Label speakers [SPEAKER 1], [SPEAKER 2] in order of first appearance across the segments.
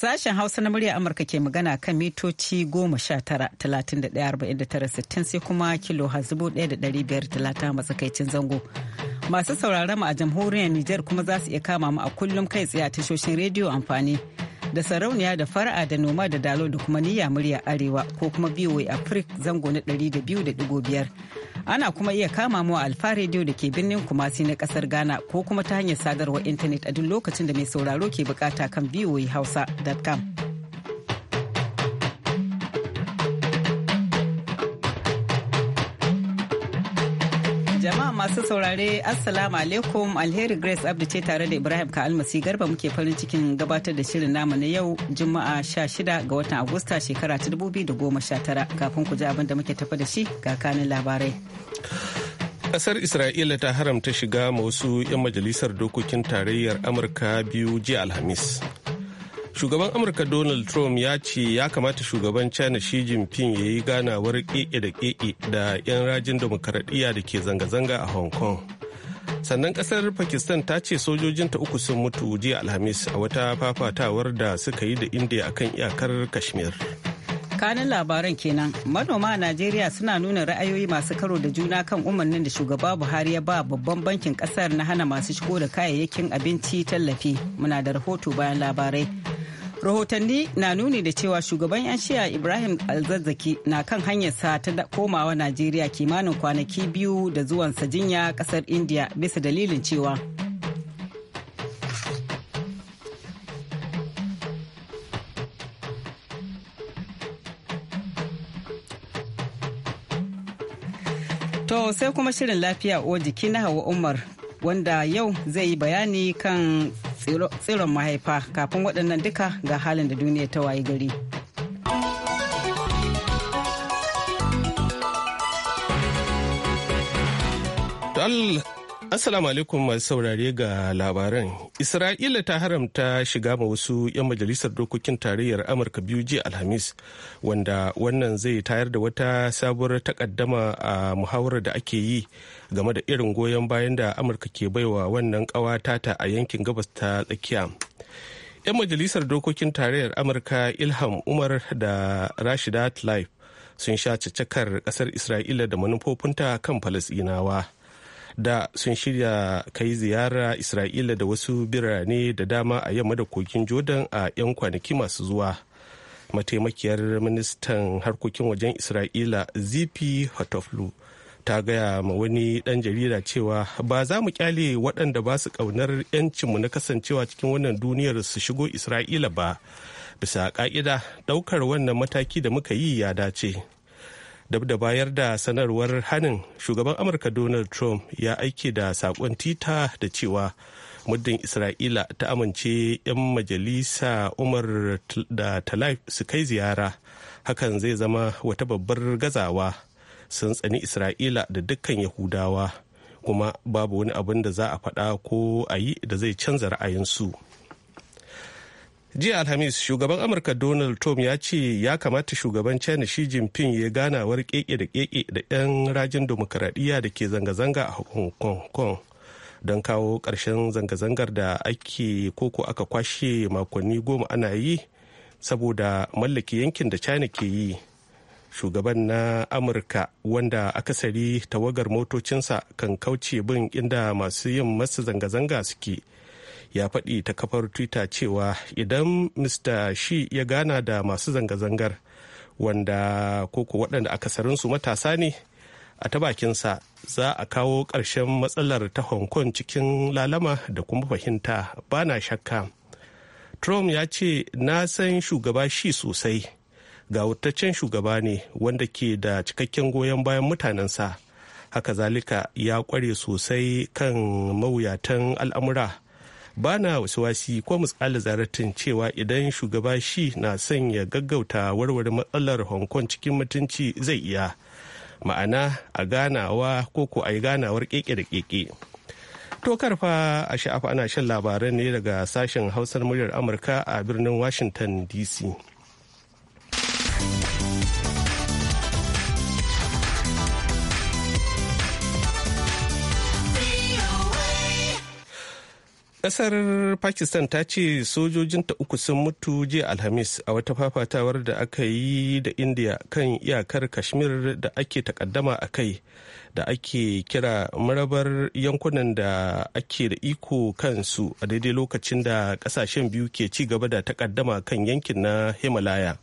[SPEAKER 1] Sashen Hausa na murya Amurka ke magana kan mitoci goma sha tara talatin da ɗaya da tara sittin sai kuma kilo hazubu ɗaya da ɗari biyar talata matsakaicin zango. Masu sauraron mu a jamhuriyar Nijar kuma za su iya kama mu a kullum kai tsaye a tashoshin rediyo amfani da sarauniya da fara'a da noma da dalo da kuma niyya murya arewa ko kuma biyoyi afrik zango na ɗari da biyu da ɗigo biyar. ana kuma iya kama mu a alfa rediyo da ke birnin kumasi na kasar ghana ko kuma ta hanyar sadarwar intanet a duk lokacin da mai sauraro ke bukata kan voahausa.com jama'a masu saurare assalamu alaikum alheri grace abdu ce tare da ibrahim ka almasi garba muke farin cikin gabatar da shirin namu na yau juma'a 16 ga watan agusta shekara ta 2019 kafin ku ji abin da muke tafa da shi ga kanin labarai
[SPEAKER 2] Kasar Isra'ila ta haramta shiga ma wasu 'yan majalisar dokokin tarayyar Amurka biyu jiya Alhamis. Shugaban Amurka Donald Trump ya ce ya kamata shugaban China Xi Jinping ya yi ganawar ƙeƙe da ƙeƙe da 'yan rajin demokaradiyya da ke zanga-zanga a Hong Kong. Sannan kasar Pakistan ta ce sojojinta uku sun mutu jiya Alhamis a wata fafatawar da suka yi da India akan iyakar Kashmir.
[SPEAKER 1] tsakanin labaran kenan manoma a najeriya suna nuna ra'ayoyi masu karo da juna kan umarnin da shugaba buhari ya ba babban bankin kasar na hana masu shigo da kayayyakin abinci tallafi muna da rahoto bayan labarai rahotanni na nuni da cewa shugaban 'yan shiya ibrahim alzazzaki na kan hanyarsa ta komawa najeriya kimanin kwanaki biyu da zuwansa jinya kasar india bisa dalilin cewa To sai kuma shirin lafiya uwa jiki na Hawa Umar wanda yau zai yi bayani kan tsiron mahaifa kafin waɗannan duka ga halin da duniya ta wayi gari.
[SPEAKER 2] Assalamu alaikum masu saurare ga labaran. Isra'ila ta haramta shiga ma wasu 'yan majalisar dokokin tarayyar Amurka biyu jiya Alhamis, wanda wannan zai tayar da wata sabuwar takaddama a muhawarar da ake yi game da irin goyon bayan da Amurka ke baiwa wannan tata a yankin gabas ta tsakiya. 'Yan majalisar dokokin tarayyar Amurka Ilham Umar da Rashida Tlaib sun sha cakar ƙasar Isra'ila da manufofinta kan Falasɗinawa. da sun shirya kai ziyara isra'ila da wasu birane da dama a yamma da kogin jordan a 'yan kwanaki masu zuwa mataimakiyar ministan harkokin wajen isra'ila zipi hotoflu ta gaya ma wani dan jarida cewa ba za mu kyale waɗanda ba su ƙaunar 'yancinmu na kasancewa cikin wannan duniyar su shigo isra'ila ba bisa ƙa'ida ɗaukar wannan mataki da muka yi ya dace dab da bayar da sanarwar hanin shugaban amurka donald trump ya aike da sakon tita da cewa muddin isra'ila ta amince 'yan majalisa umar da talai su kai ziyara hakan zai zama wata babbar gazawa sun tsani isra'ila da dukkan yahudawa kuma babu wani abin da za a faɗa ko a yi da zai canza ra'ayinsu. su jiya alhamis shugaban amurka donald trump ya ce ya kamata shugaban china shi jinping ya ganawar keke da keke da 'yan rajin demokaradiyya da ke zanga-zanga a hong kong don kawo ƙarshen zanga-zangar da ake koko aka kwashe makonni goma ana yi saboda mallaki yankin da china ke yi shugaban na amurka wanda akasari tawagar motocinsa kan kauce bin inda masu yin masu zanga-zanga suke ya faɗi ta kafar twitter cewa idan mr shi ya gana da masu zanga-zangar wanda koko waɗanda akasarinsu matasa ne a ta bakinsa za a kawo ƙarshen matsalar ta hong kong cikin lalama da kuma fahimta ba na shakka trump ya ce na san shugaba shi sosai ga wutaccen shugaba ne wanda ke da cikakken goyon bayan mutanensa haka zalika ya kware sosai kan mawuyatan al'amura ba na wasi ko misali zaratin cewa idan shugaba shi na son ya gaggauta warware matsalar hong kong cikin mutunci zai iya ma'ana a ganawa ko ko a yi ganawar keke da keke to karfa a sha'afa ana shan labaran ne daga sashen hausar muryar amurka a birnin washington dc Kasar Pakistan ta ce sojojinta uku sun mutu jiya Alhamis a wata fafatawar da aka yi da India kan iyakar Kashmir da ake takaddama a kai da ake kira marabar yankunan da ake da iko kansu a daidai lokacin da kasashen biyu ke ci gaba da takaddama kan yankin na Himalaya.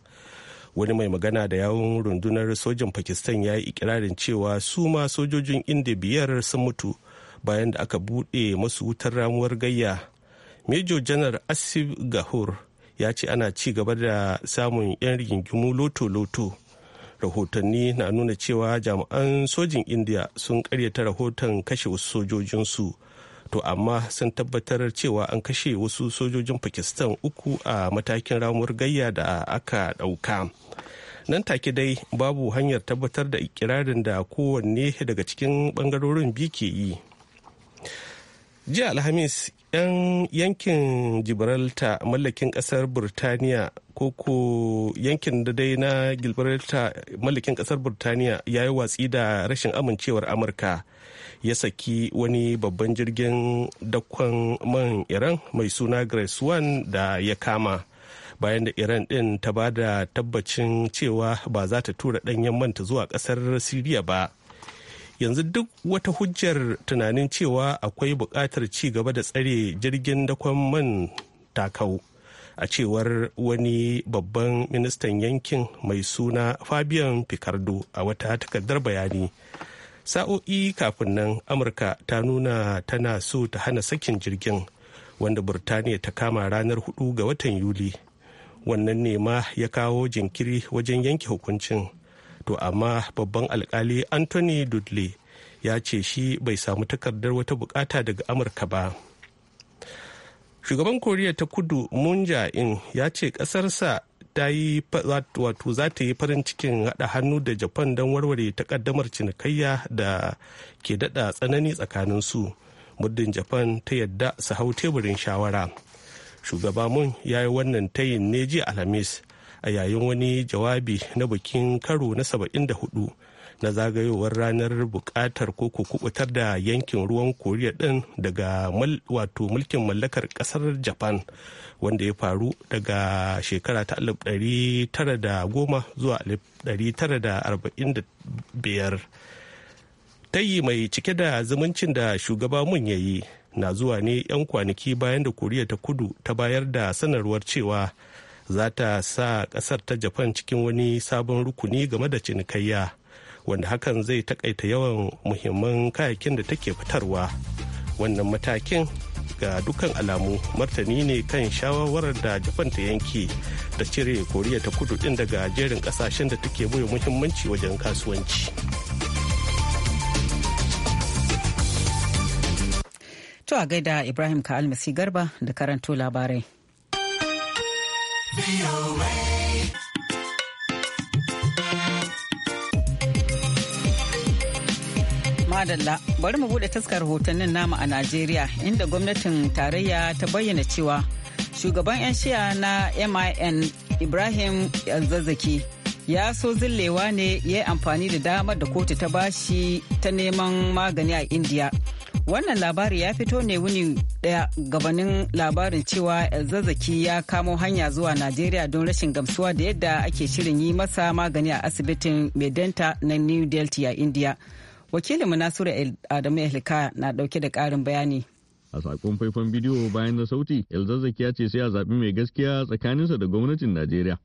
[SPEAKER 2] wani mai magana da yawun rundunar sojin pakistan ya yi ikirarin cewa su ma sojojin India biyar sun mutu bayan da aka buɗe masu wutar ramuwar gayya major janar asif gahur ya ce ana ci gaba da samun 'yan rigingimu loto-loto rahotanni na nuna cewa jami'an sojin india sun karyata rahoton kashe wasu sojojinsu to amma sun tabbatar cewa an kashe wasu sojojin pakistan uku a matakin ramuwar gayya da aka ɗauka nan take dai babu hanyar tabbatar da ikirarin da kowanne daga cikin ɓangarorin biyu ke yi jiya alhamis yan yankin gibraltar mallakin kasar burtaniya koko yankin da dai na gibraltar mallakin kasar burtaniya ya yi watsi da rashin amincewar amurka ya saki wani babban jirgin dakon man iran mai suna grace one da ya kama bayan da iran din ta ba da tabbacin cewa ba za ta tura danyen manta zuwa kasar siriya ba yanzu duk wata hujjar tunanin cewa akwai buƙatar ci gaba da tsare jirgin dakon man takau a cewar wani babban ministan yankin mai suna fabian picardo a wata takardar bayani sa'o'i kafin nan amurka ta nuna tana so ta hana sakin jirgin wanda burtaniya ta kama ranar 4 ga watan yuli wannan nema ya kawo jinkiri wajen yanke hukuncin to amma babban alkali anthony dudley ya ce shi bai samu takardar wata bukata daga amurka ba shugaban koriya ta kudu moon in ya ce kasarsa ta yi wato za ta yi farin cikin hada hannu da japan don warware takaddamar cinikayya da ke dada tsanani tsakanin su muddin japan ta yadda su hau teburin shawara shugaba mun ya yi wannan tayin ne jiya alhamis a yayin wani jawabi na bikin karo na 74 na zagayowar ranar bukatar ko kubutar da yankin ruwan koriya din daga wato mulkin mallakar kasar japan wanda ya faru daga shekara ta 1910 zuwa 1945 tayi mai cike da zumuncin da shugaba mun ya yi na zuwa ne 'yan kwanaki bayan da koriya ta kudu ta bayar da sanarwar cewa za ta sa kasar ta japan cikin wani sabon rukuni game da cinikayya wanda hakan zai takaita yawan muhimman kayakin da take fitarwa wannan matakin ga dukkan alamu martani ne kan shawarwarar da japan ta yanke da cire koriya ta kudu din daga jerin kasashen da take bai muhimmanci wajen kasuwanci
[SPEAKER 1] to a gaida ibrahim ka almasi garba da karanto labarai Madalla bari mu bude taskar hotonnin namu a Najeriya inda gwamnatin tarayya ta bayyana cewa shugaban 'yan shiya na MIN Ibrahim Elzazzaki ya so zillewa ne ya yi amfani da damar da kotu ta bashi ta neman magani a Indiya. Wannan labari ya fito ne wuni daya gabanin labarin cewa zazzaki ya kamo hanya zuwa Najeriya don rashin gamsuwa da yadda ake shirin yi masa magani a asibitin Medenta na New Delhi a India. Wakilin Nasiru Adamu Ehlika na dauke da karin bayani
[SPEAKER 3] a sakon faifan bidiyo bayan na sauti el-zazzaki ya ce sai a zaɓi mai gaskiya tsakaninsa da gwamnatin najeriya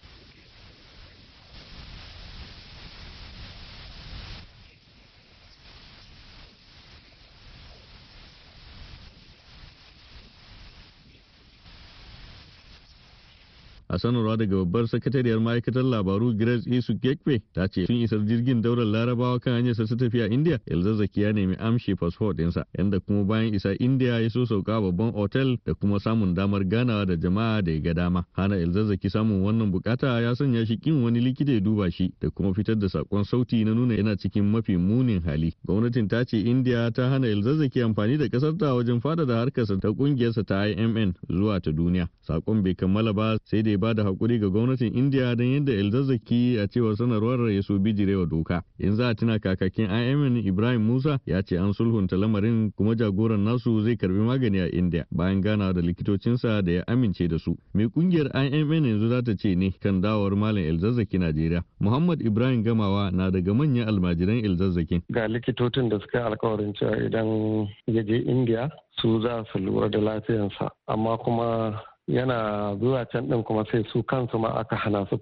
[SPEAKER 3] a sanarwa daga babbar sakatariyar ma'aikatar labaru grace isu e. gekpe ta ce sun isar jirgin daular larabawa kan hanyar sa tafiya india ilzazzaki ya nemi amshi fasfo ɗinsa yadda kuma bayan isa india ya so sauka babban otel da kuma samun damar ganawa da jama'a da ya ga dama hana ilzazzaki samun wannan bukata ya sanya shi kin wani likita ya duba shi da kuma fitar da sakon sauti na nuna yana cikin mafi munin hali gwamnatin ta ce india ta hana el-zazzaki amfani da kasarta wajen fadada harkarsa ta kungiyarsa ta imn zuwa ta duniya sakon bai kammala ba sai da ba da haƙuri ga gwamnatin indiya don yadda elzazzaki a cewar sanarwar ya so bijirewa doka in za a tuna kakakin imn ibrahim musa ya ce an sulhunta lamarin kuma jagoran nasu zai karbi magani a indiya bayan gana da likitocinsa da ya amince da su mai kungiyar imn yanzu za ta ce ne kan dawowar malam elzazzaki najeriya muhammad ibrahim gamawa na daga manyan almajiran elzazzakin
[SPEAKER 4] ga likitocin da suka yi alkawarin cewa idan ya je indiya su za su lura da lafiyansa amma kuma yana zuwa can ɗin kuma sai su kansu ma aka hana su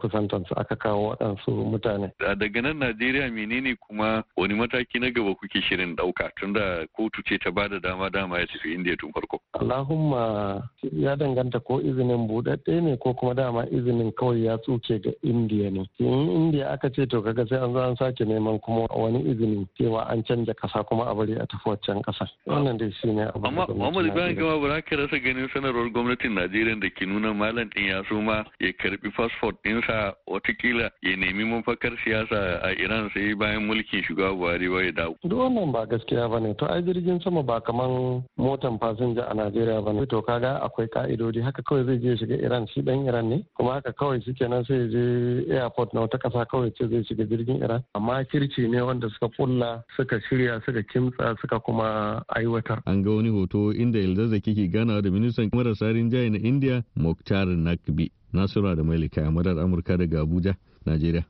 [SPEAKER 4] su aka kawo waɗansu mutane.
[SPEAKER 3] Daga nan Najeriya menene kuma wani mataki na gaba kuke shirin ɗauka tunda kotu ce ta bada dama dama ya tafi Indiya tun farko.
[SPEAKER 4] Allahumma ya danganta ko izinin buɗaɗɗe ne ko kuma dama izinin kawai ya tsuke ga Indiya ne. In Indiya aka ce to kaga sai an zo an sake neman kuma wani izinin cewa an canja ƙasa kuma a bari a tafi wancan ƙasa. Wannan dai shi ne abin da. Amma Muhammadu Bayan
[SPEAKER 3] Gama ba za ka rasa ganin sanarwar gwamnatin Najeriya shirin da ke nuna malam din ya suma ya karbi fasfot dinsa watakila ya nemi mafakar siyasa a Iran sai bayan mulkin shiga Buhari ba ya dawo.
[SPEAKER 4] Duk wannan ba gaskiya ba ne, to ai jirgin sama ba kaman motan fasinja a Najeriya ba ne. To ga akwai ka'idodi haka kawai zai je shiga Iran shi dan Iran ne, kuma haka kawai shi kenan sai je airport na wata kasa kawai ce zai shiga jirgin Iran. Amma kirci ne wanda suka kulla, suka shirya, suka kimtsa, suka kuma aiwatar.
[SPEAKER 3] An ga wani hoto inda Yalda Zaki ke gana da ministan marasa rinjaye na india muktar nakbi nasura da mailika a madar amurka daga abuja najeriya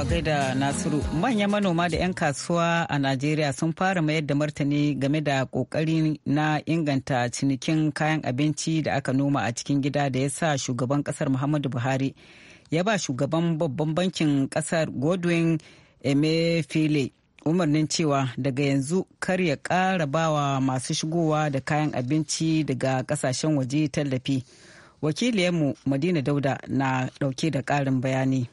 [SPEAKER 1] a gaida nasiru manyan manoma da 'yan kasuwa a najeriya sun fara mayar da martani game da kokari na inganta cinikin kayan abinci da aka noma a cikin gida da ya sa shugaban kasar muhammadu buhari ya ba shugaban babban bankin kasar godwin emefiele umarnin cewa daga yanzu kar ya ƙara bawa masu shigowa da kayan abinci daga ƙasashen waje tallafi wakiliyarmu madina dauda na ɗauke da ƙarin bayani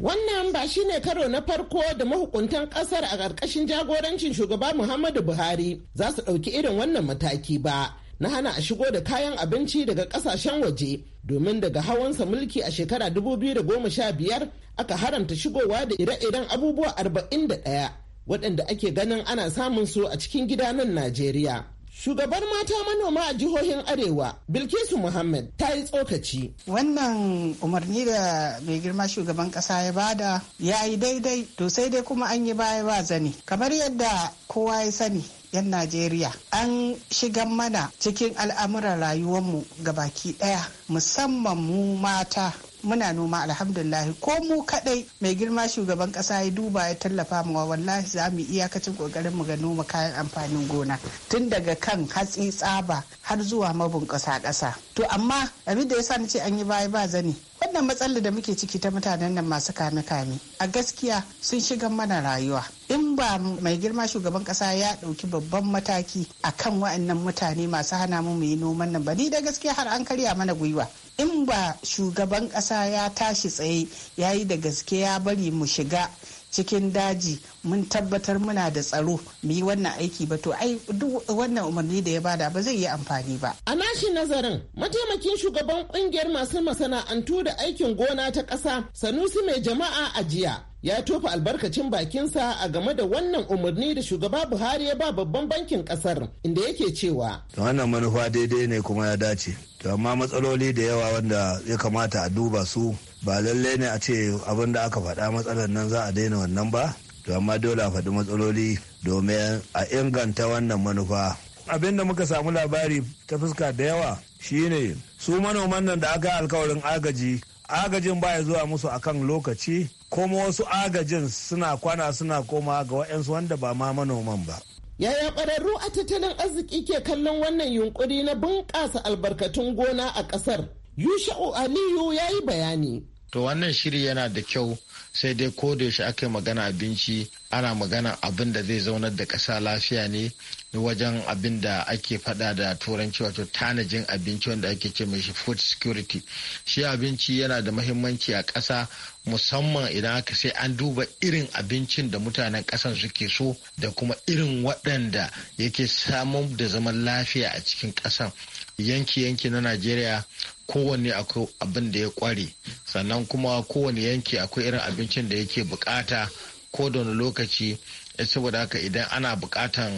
[SPEAKER 1] Wannan ba shi ne
[SPEAKER 5] karo na farko da mahukuntan kasar a ƙarƙashin jagorancin shugaba Muhammadu Buhari za su ɗauki irin wannan mataki ba, na hana a shigo da kayan abinci daga kasashen waje domin daga hawansa mulki a shekara 2015 aka haramta shigowa da ire-iren abubuwa 41 waɗanda ake ganin ana samun su a cikin gida nan Najeriya. Shugabar mata manoma a jihohin Arewa, Bilkisu Muhammad ta yi
[SPEAKER 6] tsokaci. Wannan umarni da mai girma shugaban kasa ya bada ya yi daidai, to sai dai kuma an yi baya ba zane. Kamar yadda kowa ya sani, 'yan Najeriya an shigar mana cikin al'amuran rayuwarmu ga baki ɗaya musamman mu mata muna noma alhamdulillah ko mu kadai mai girma shugaban kasa ya duba ya tallafa mu wallahi za mu iyakacin kokarin mu ga noma kayan amfanin gona tun daga kan hatsi tsaba har zuwa mabun ƙasa kasa to amma abin da ya yasa ce an yi baya ba zani wannan matsalar da muke ciki ta mutanen nan masu kame-kame a gaskiya sun shiga mana rayuwa in ba mai girma shugaban kasa ya dauki babban mataki a kan wa'annan mutane masu hana mu mu yi noman nan ba ni da gaskiya har an karya mana gwiwa in ba shugaban kasa ya tashi tsaye ya yi da gaske ya bari mu shiga cikin daji mun tabbatar muna da tsaro mu yi wannan aiki ba to ai duk wannan umarni da ya bada ba zai yi amfani ba.
[SPEAKER 5] A nashi nazarin mataimakin shugaban kungiyar masu masana'antu da aikin gona ta ƙasa Sanusi mai jama'a a jiya. ya tofa albarkacin bakinsa a game da wannan umarni da shugaba buhari ya ba babban bankin kasar inda yake cewa wannan manufa daidai ne kuma ya dace amma matsaloli da yawa wanda ya kamata a duba su ba lallai ne a ce abin da aka faɗa matsalar nan za a daina wannan ba to amma dole a faɗi matsaloli domin a inganta wannan manufa
[SPEAKER 2] abin da muka samu labari ta fuska da yawa shine su manoman nan da aka yi alkawarin agaji agajin baya zuwa musu akan lokaci kuma wasu agajin suna kwana suna koma ga wa'yansu wanda ba ma manoman ba
[SPEAKER 5] yaya ƙwararru a tattalin arziki ke kallon wannan yunkuri na bunƙasa albarkatun gona a ƙasar yusha'u aliyu ya yi bayani to wannan shiri yana da kyau sai dai ko da yaushe aka yi magana abinci ana magana abin da zai zaunar da ƙasa lafiya ne wajen abin da ake faɗa da turanci wato tanajin abinci wanda ake ce mai shi food security shi abinci yana da mahimmanci a ƙasa musamman idan aka sai an duba irin abincin da mutanen ƙasan suke so da kuma irin waɗanda yake samun da zaman lafiya a cikin ƙasan yanki-yanki na najeriya kowane akwai abin da ya kware sannan kuma kowane yanki akwai irin abincin da yake bukata ko da wani lokaci eh, saboda haka idan ana bukatan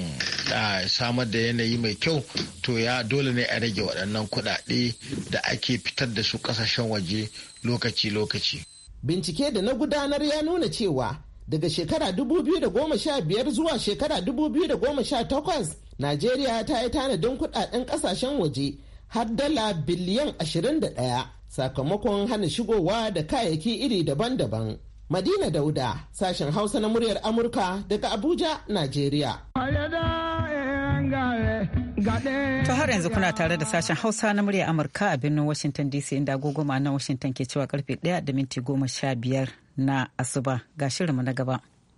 [SPEAKER 5] a samar da yanayi mai kyau to ya dole ne a rage waɗannan kuɗaɗe da ake fitar da su kasashen waje lokaci-lokaci. bincike da na gudanar ya nuna cewa daga shekara 2015 zuwa shekara 2018 najeriya ta yi tanadin kuɗaɗen ƙasashen waje har dala biliyan 21 sakamakon hana shigowa da kayayyaki iri daban-daban. Madina Dauda,
[SPEAKER 1] sashen Hausa na muryar Amurka daga Abuja, Najeriya.
[SPEAKER 6] To har yanzu kuna
[SPEAKER 1] tare da sashen Hausa na muryar Amurka a birnin Washington DC inda agogo na Washington ke cewa karfe 1 da minti 15 na asuba ga shirinmu na gaba.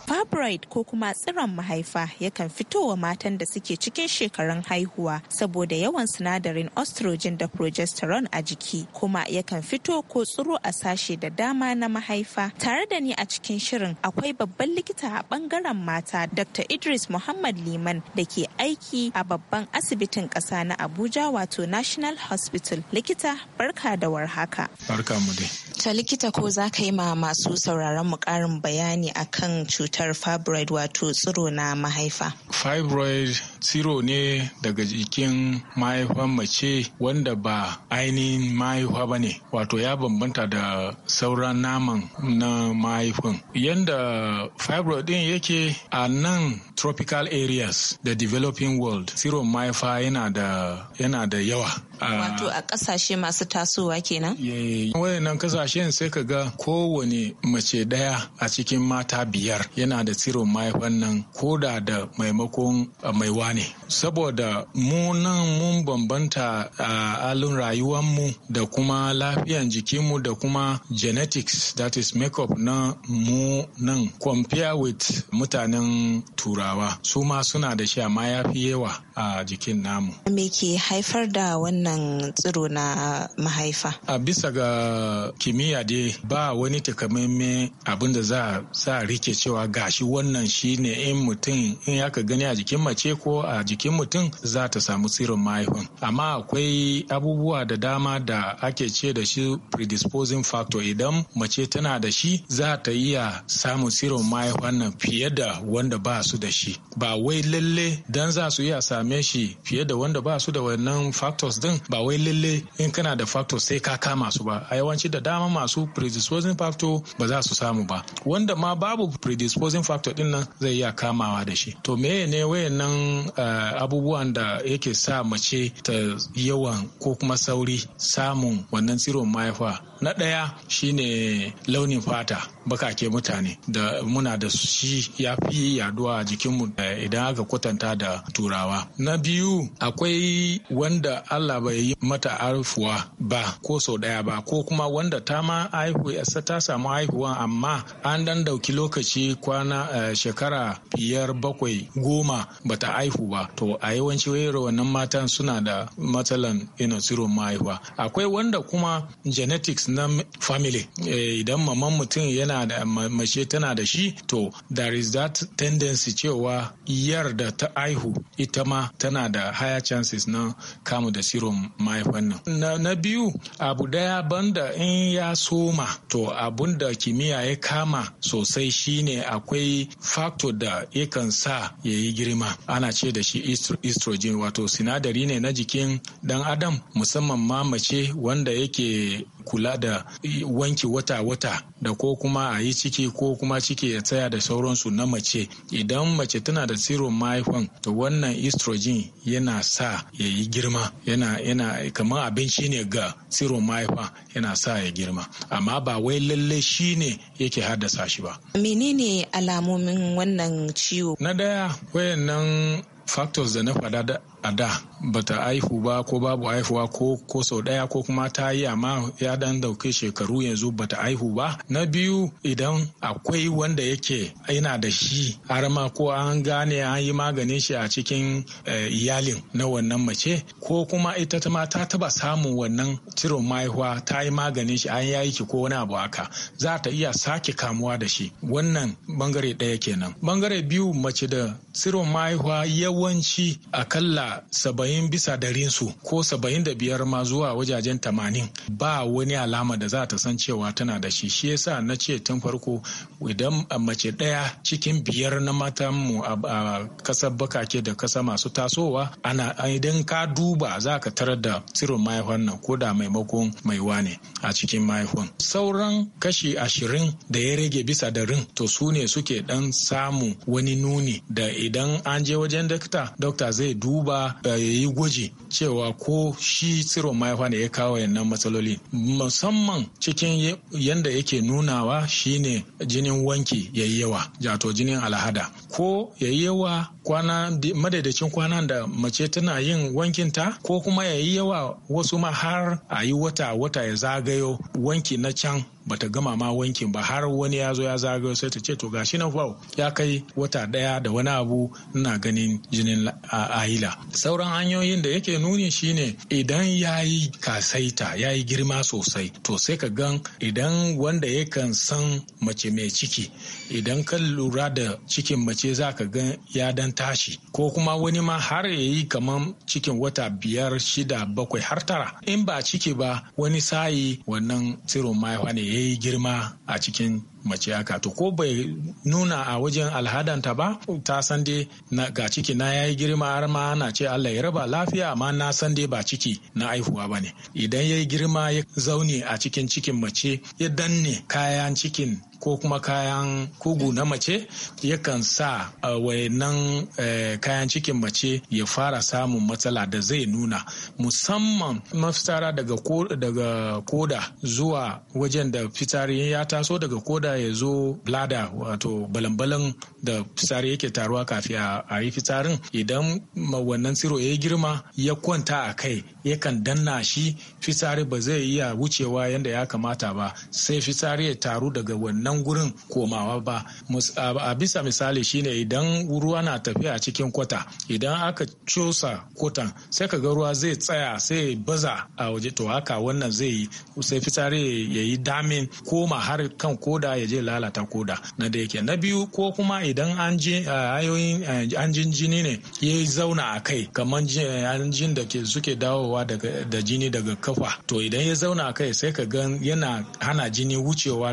[SPEAKER 7] Fibroid ko kuma tsiron mahaifa yakan fito wa matan da suke cikin shekarun haihuwa saboda yawan sinadarin estrogen da progesterone a jiki kuma yakan fito ko tsiro a sashe da dama na mahaifa. Tare da ni a cikin shirin akwai babban likita a bangaren mata Dr. Idris Muhammad Liman da ke aiki a babban asibitin kasa na Abuja wato National Hospital. Likita barka da warhaka. Barka mu dai. Ta likita ko za ka yi ma masu sauraron mu ƙarin bayani akan cutar cutar fibroid wato tsiro na mahaifa.
[SPEAKER 8] Fibroid tsiro ne daga jikin mahaifan mace wanda ba ainihin mahaifa ba ne wato ya bambanta da sauran naman na mahaifin. Yanda fibroid din yake a nan tropical areas the developing world tsiro mahaifa yana da yawa wato
[SPEAKER 7] a kasashe masu tasowa kenan
[SPEAKER 8] wayannan kasashen sai ka ga kowane mace daya a cikin mata biyar yana da tsiron mahaifan nan ko da da maimakon maiwa ne saboda mu nan mun bambanta a alun rayuwanmu da kuma lafiyan jikinmu da kuma genetics that is makeup na mu nan compare with mutanen turawa su ma suna da shi amma ya fi yawa a jikin namu
[SPEAKER 7] me ke haifar da wannan wannan tsiro na mahaifa?
[SPEAKER 8] A bisa ga kimiyya dai ba wani takamaimai abin da za a rike cewa gashi wannan shi ne in mutum in aka gani a jikin mace ko a jikin mutum za ta samu tsirin mahaifin. Amma akwai abubuwa da dama da ake ce da shi predisposing factor idan mace tana da shi za ta iya samun tsirin mahaifan nan fiye da wanda ba su da shi. Ba wai lalle don za su iya same shi fiye da wanda ba su da wannan factors din din ba wai lalle in kana da factor sai ka kama su ba a yawanci da dama masu predisposing factor ba za su samu ba wanda ma babu predisposing factor din nan zai iya kamawa da shi to meye ne wayannan eh, abubuwan da yake sa mace ta yawan ko kuma sauri samun wannan tsiron mahaifa na ɗaya shine launin fata bakake mutane da muna da shi ya fi yaduwa a jikinmu eh, idan aka kwatanta da turawa na biyu akwai wanda allah bai yi mata haihuwa ba ko sau ɗaya ba ko kuma wanda ta ma haihu ta samu haihuwa amma an dan dauki lokaci kwana eh, shekara biyar bakwai goma bata haihu ba to a yawanci wannan matan suna da matsalan ina tsiron mahaifa akwai wanda kuma genetics na family eh, idan maman mutum yana tana da mace tana da shi to there is that tendency cewa yar da ta aihu ita ma tana da higher chances na kamu da serum mahaifan nan na biyu abu daya banda in ya soma to abun da kimiyya ya kama sosai shine akwai factor da yakan sa ya yi girma ana ce da shi estrogen wato sinadari ne na jikin dan adam musamman ma mace wanda yake kula da wanki wata-wata da ko kuma a yi ciki ko kuma ciki ya tsaya da sauransu na mace idan mace tana da siron mahaifan to wannan estrogen yana sa ya yi girma yana yana kamar abinci ne ga siron mahaifa yana sa ya girma amma ba wai lalle shi ne yake haddasa shi ba
[SPEAKER 7] menene alamomin wannan ciwo
[SPEAKER 8] na daya wayannan factors da na faɗa a da bata aihu ba ko babu aihuwa ko ko sau daya ko kuma ta yi amma ya dan dauke shekaru yanzu bata aihu ba na biyu idan akwai wanda yake yana da shi har ma ko an gane an yi maganin shi a cikin eh, iyalin na wannan mace ko kuma ita ta ma ta taba samun wannan ciron mahaihuwa ta yi maganin shi an yayi ki ko wani abu haka za ta iya sake kamuwa da shi wannan bangare ɗaya kenan bangare biyu mace da ciron mahaihuwa yawanci akalla da saba'in bisa darinsu ko saba'in da biyar ma zuwa wajajen tamanin ba wani alama da za ta san cewa tana da shi shi yasa na ce tun farko idan mace ɗaya cikin biyar na matan mu a kasar bakake da kasa masu tasowa ana idan ka duba za ka tarar da tsirin mahaifan nan ko da maimakon maiwa ne a cikin mahaifan sauran kashi ashirin da ya rage bisa darin to su ne suke dan samu wani nuni da idan an je wajen dakta dokta zai duba Eh, ya yi gwaji cewa ko shi tsiron mahaifa ne ya kawo yannan matsaloli musamman cikin yanda yake nunawa shine jinin wanki ya yi yawa jato jinin alhada ko ya yi yawa kwana madaidacin kwana da mace tana yin wankinta ko kuma ya yi yawa wasu ma har a yi wata wata ya zagayo wanki na can bata gama ma wankin ba har wani ya zo ya zagayo sai ta ce to gashi na fau ya kai wata daya da wani abu ina ganin jinin ahila sauran hanyoyin da yake nuni shine idan ya yi kasaita ya yi girma sosai to sai ka gan idan wanda yakan san mace mai ciki idan ka lura da cikin mace za ka gan ya dan tashi ko kuma wani ma har ya yi kaman cikin wata biyar shida bakwai har tara in ba ciki ba wani sayi wannan tsiron mahaifa ne ya yi girma a cikin mace haka to ko bai nuna a wajen alhadanta ba ta san dai ga ciki na yayi girma har ma ana ce Allah ya raba lafiya amma na san dai ba ciki na aihuwa ne. idan yayi girma ya zaune a cikin cikin mace ya danne kayan cikin ko kuma kayan kugu na mace yakan sa wayannan eh, kayan cikin mace ya fara samun matsala da zai nuna musamman mafitara daga koda zuwa wajen da fitari ya taso daga koda ya zo blada wato balambalan da fitsari yake taruwa kafiya a yi fitarin. idan wannan siro ya girma ya kwanta a kai yakan danna shi fitsari ba zai iya wucewa yadda ya kamata ba sai fitari ya taru daga wannan nan gurin komawa ba a bisa misali shine idan ruwa na tafiya cikin kwata idan aka cosa kwatan sai ka ga ruwa zai tsaya sai baza a waje to haka wannan zai yi sai fitare ya yi damin koma har kan koda ya je lalata koda na da yake na biyu ko kuma idan an jin jini ne ya zauna a kai kamar jin da ke suke dawowa da jini daga kafa to idan ya zauna a kai sai ka ga yana hana jini wucewa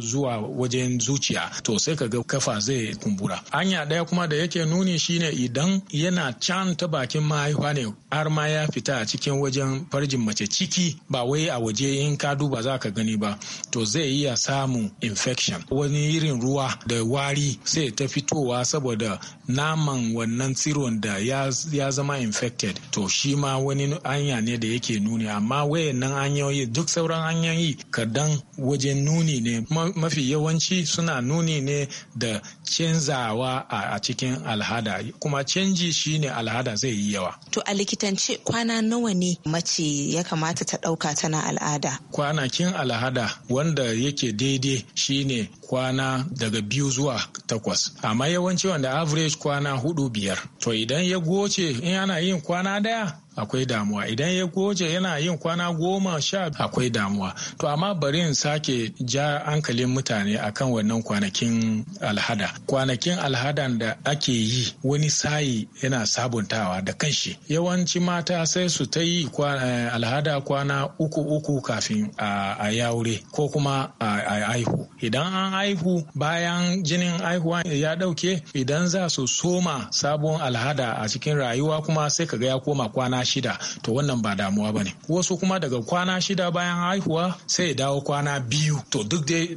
[SPEAKER 8] zuwa a wajen zuciya to sai ka ga kafa zai kumbura hanya ɗaya kuma da yake nuni shine idan yana can ta bakin mahaifa ne har ma ya fita a cikin wajen farjin mace ciki ba wai a waje in ka duba za ka gani ba to zai iya samun infection wani irin ruwa da wari sai ta fitowa saboda naman wannan tsiron da ya zama infected to shi ma wani hanya ne da yake nuni amma wayannan hanyoyi duk sauran hanyoyi kadan wajen nuni ne mafi mafi yawanci suna nuni ne da canzawa a cikin alhada kuma canji shi ne alhada zai yi yawa.
[SPEAKER 7] To a likitance kwana nawa ne mace ya kamata ta ɗauka tana al'ada?
[SPEAKER 8] Kwanakin alhada wanda yake daidai shine kwana daga biyu zuwa takwas amma yawanci wanda average kwana hudu biyar to idan ya goce in ana yin kwana daya akwai damuwa idan ya goje yana yin kwana goma sha akwai damuwa to amma bari in sake ja hankalin mutane akan wannan kwanakin alhada kwanakin alhadan da ake yi wani sayi yana sabuntawa da kanshi yawanci mata sai su ta yi eh, alhada kwana uku uku kafin a yaure ko kuma a aihu idan an aihu bayan jinin aihuwa ya dauke idan za su soma sabon alhada a cikin rayuwa kuma sai kaga ya koma kwana shida to wannan ba damuwa bane wasu kuma daga kwana shida bayan haihuwa sai ya dawo kwana biyu to duk dai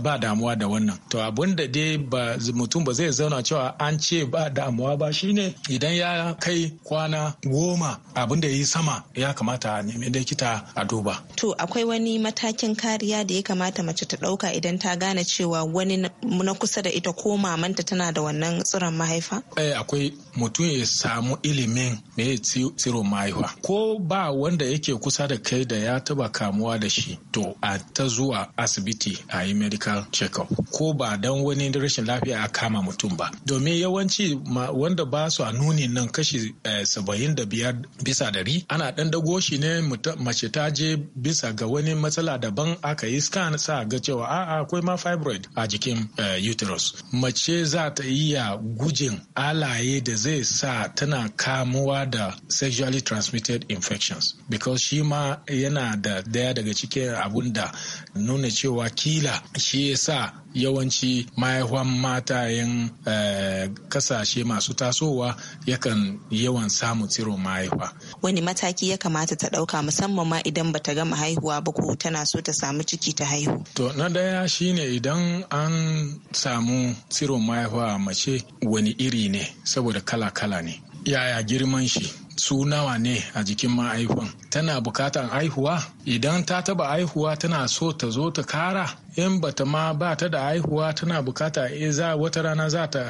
[SPEAKER 8] ba damuwa da wannan to abin da dai ba mutum ba zai zauna cewa an ce ba damuwa ba shine idan ya kai kwana goma abin da ya yi sama ya kamata a nemi likita a duba
[SPEAKER 7] to akwai wani matakin kariya da ya kamata mace ta ɗauka idan ta gane cewa wani na kusa da ita ko mamanta tana da wannan tsiron mahaifa
[SPEAKER 8] eh akwai mutum ya samu ilimin me tsiro ciwon mahaifa ko ba wanda yake kusa da kai da ya taba kamuwa da shi to a ta zuwa asibiti a yi medical check-up ko ba dan wani rashin lafiya a kama mutum ba domin yawanci wanda ba su a nuni nan kashi eh, saba'in da biyar bisa dari ana dan dago shi ne mace ta je bisa ga wani matsala daban aka yi scan sa ga cewa a'a akwai ma fibroid a jikin eh, uterus mace za ta iya gujin alaye da zai sa tana kamuwa da sexual sexually transmitted infections because shi ma yana da daya daga cikin abun da nuna cewa kila shi yasa yawanci mahaifan matayen eh, kasashe masu tasowa yakan yawan samun tsiron mahaifa.
[SPEAKER 7] Wani mataki ya kamata ta ɗauka musamman ma idan ba ta gama haihuwa ba ko tana so ta samu ciki ta haihu.
[SPEAKER 8] To na daya shine idan an samu tsiro mahaifa mace wani iri ne saboda kala-kala ne. Yaya girman shi su nawa ne a jikin mahaifin tana bukatan haihuwa idan ta taba haihuwa tana so ta zo ta kara in bata ma ba ta da haihuwa tana bukata e za wata rana za ta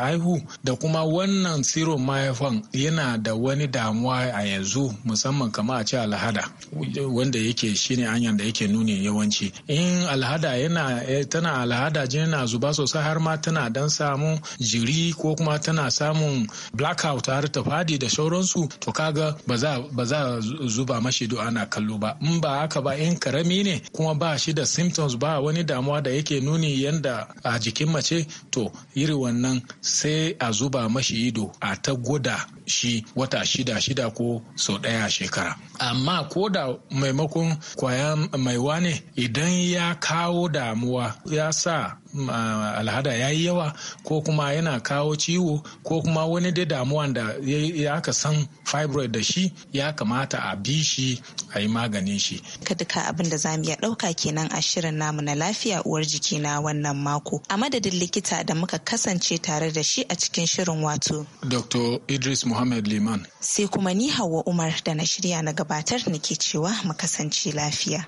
[SPEAKER 8] haihu da kuma wannan siron mahaifan yana da wani damuwa a yanzu musamman kama a ce alhada wanda yake shine hanyar da yake nuni yawanci in alhada yana eh, tana alhada jini na zuba sosai har ma tana dan samu jiri ko kuma tana samun blackout har ta fadi da sauransu to kaga ba za zuba mashi ana kallo ba in ba haka ba in karami ne kuma ba shi da symptoms ba wani damuwa da yake nuni yanda a jikin mace to iri wannan sai a zuba mashi ido a ta gwada shi wata shida shida ko sau ɗaya shekara amma ko da maimakon kwayan maiwa ne idan ya kawo damuwa ya sa alhada ya yi yawa ko kuma yana kawo ciwo ko kuma wani dai damuwa da ya aka san fibroid da shi ya kamata a bi shi a yi maganin shi.
[SPEAKER 7] Ka duka abin da zamu iya ɗauka kenan a shirin namu na lafiya uwar jiki na wannan mako. A madadin likita da muka kasance tare da shi a cikin shirin wato.
[SPEAKER 8] Dr. Idris Muhammad Liman.
[SPEAKER 7] Sai kuma ni Hauwa Umar da na shirya na gabatar nake cewa mu kasance lafiya.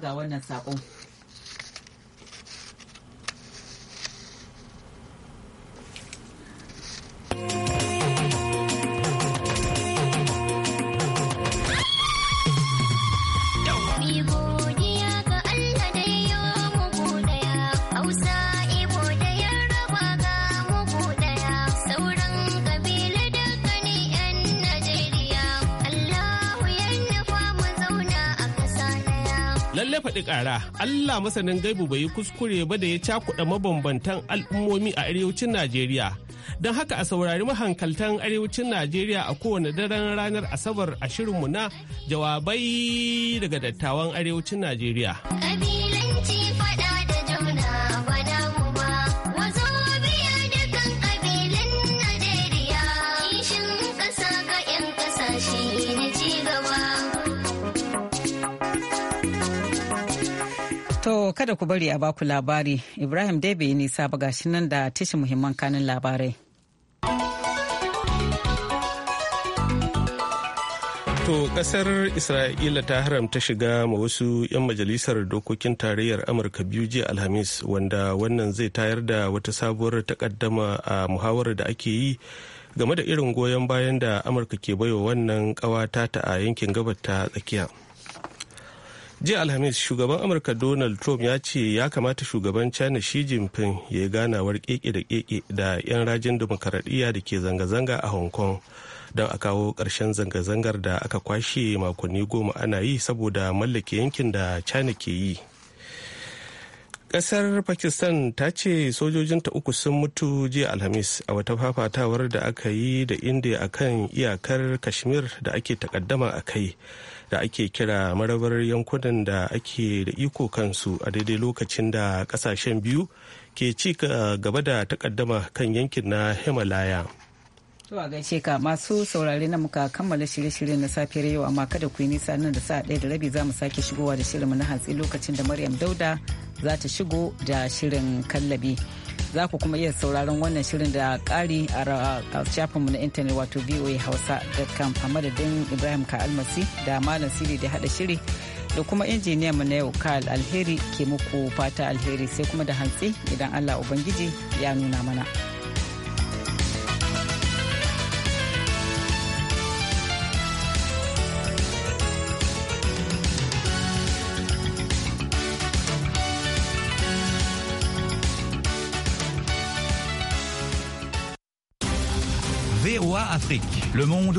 [SPEAKER 1] ga wannan sakon
[SPEAKER 7] thank you
[SPEAKER 2] daɗi ƙara allah masanin gaibu bai yi kuskure ba da ya cakuɗa mabambantan al'ummomi a arewacin najeriya don haka a saurari mahankaltan arewacin najeriya a kowane daren ranar asabar a shirinmu na jawabai daga dattawan arewacin najeriya.
[SPEAKER 1] kada ku bari a baku labari Ibrahim dai bai nisa ba gashi nan da tashin muhimman kanin labarai.
[SPEAKER 2] To kasar Isra'ila ta haramta shiga ma wasu 'yan majalisar dokokin tarayyar Amurka biyu jiya Alhamis wanda wannan zai tayar da wata sabuwar takaddama a muhawarar da ake yi game da irin goyon bayan da Amurka ke baiwa wannan kawata ta a yankin gabar ta tsakiya. jiya alhamis shugaban amurka donald trump ya ce ya kamata shugaban china shi jinping ya yi ganawar keke da keke da 'yan rajin demokaradiyya da ke zanga-zanga a hong kong don a kawo ƙarshen zanga-zangar da aka kwashe makonni goma ana yi saboda mallake yankin da china ke yi Ƙasar Pakistan ta ce sojojinta uku sun mutu jiya Alhamis a wata fafatawar da aka yi da India akan iyakar Kashmir da ake takaddama a kai da ake kira marabar yankunan da ake da iko kansu a daidai lokacin da kasashen biyu ke ci gaba da takaddama kan yankin na himalaya
[SPEAKER 1] zuwa gaishe ka masu saurare na muka kammala shirye-shiryen na safiyar yau amma kada ku yi nisa nan da sa ɗaya da rabi za mu sake shigowa da shirinmu na hantsi lokacin da maryam dauda za ta shigo da shirin kallabi. za ku kuma iya sauraron wannan shirin da ƙari a shafinmu na intanet wato hausa.com a madadin ibrahim ka almasi da malam siri da hada shiri da kuma injiniya mu na yau kal alheri ke muku fata alheri sai kuma da hantsi idan allah ubangiji ya nuna mana.
[SPEAKER 8] Afrique. Le monde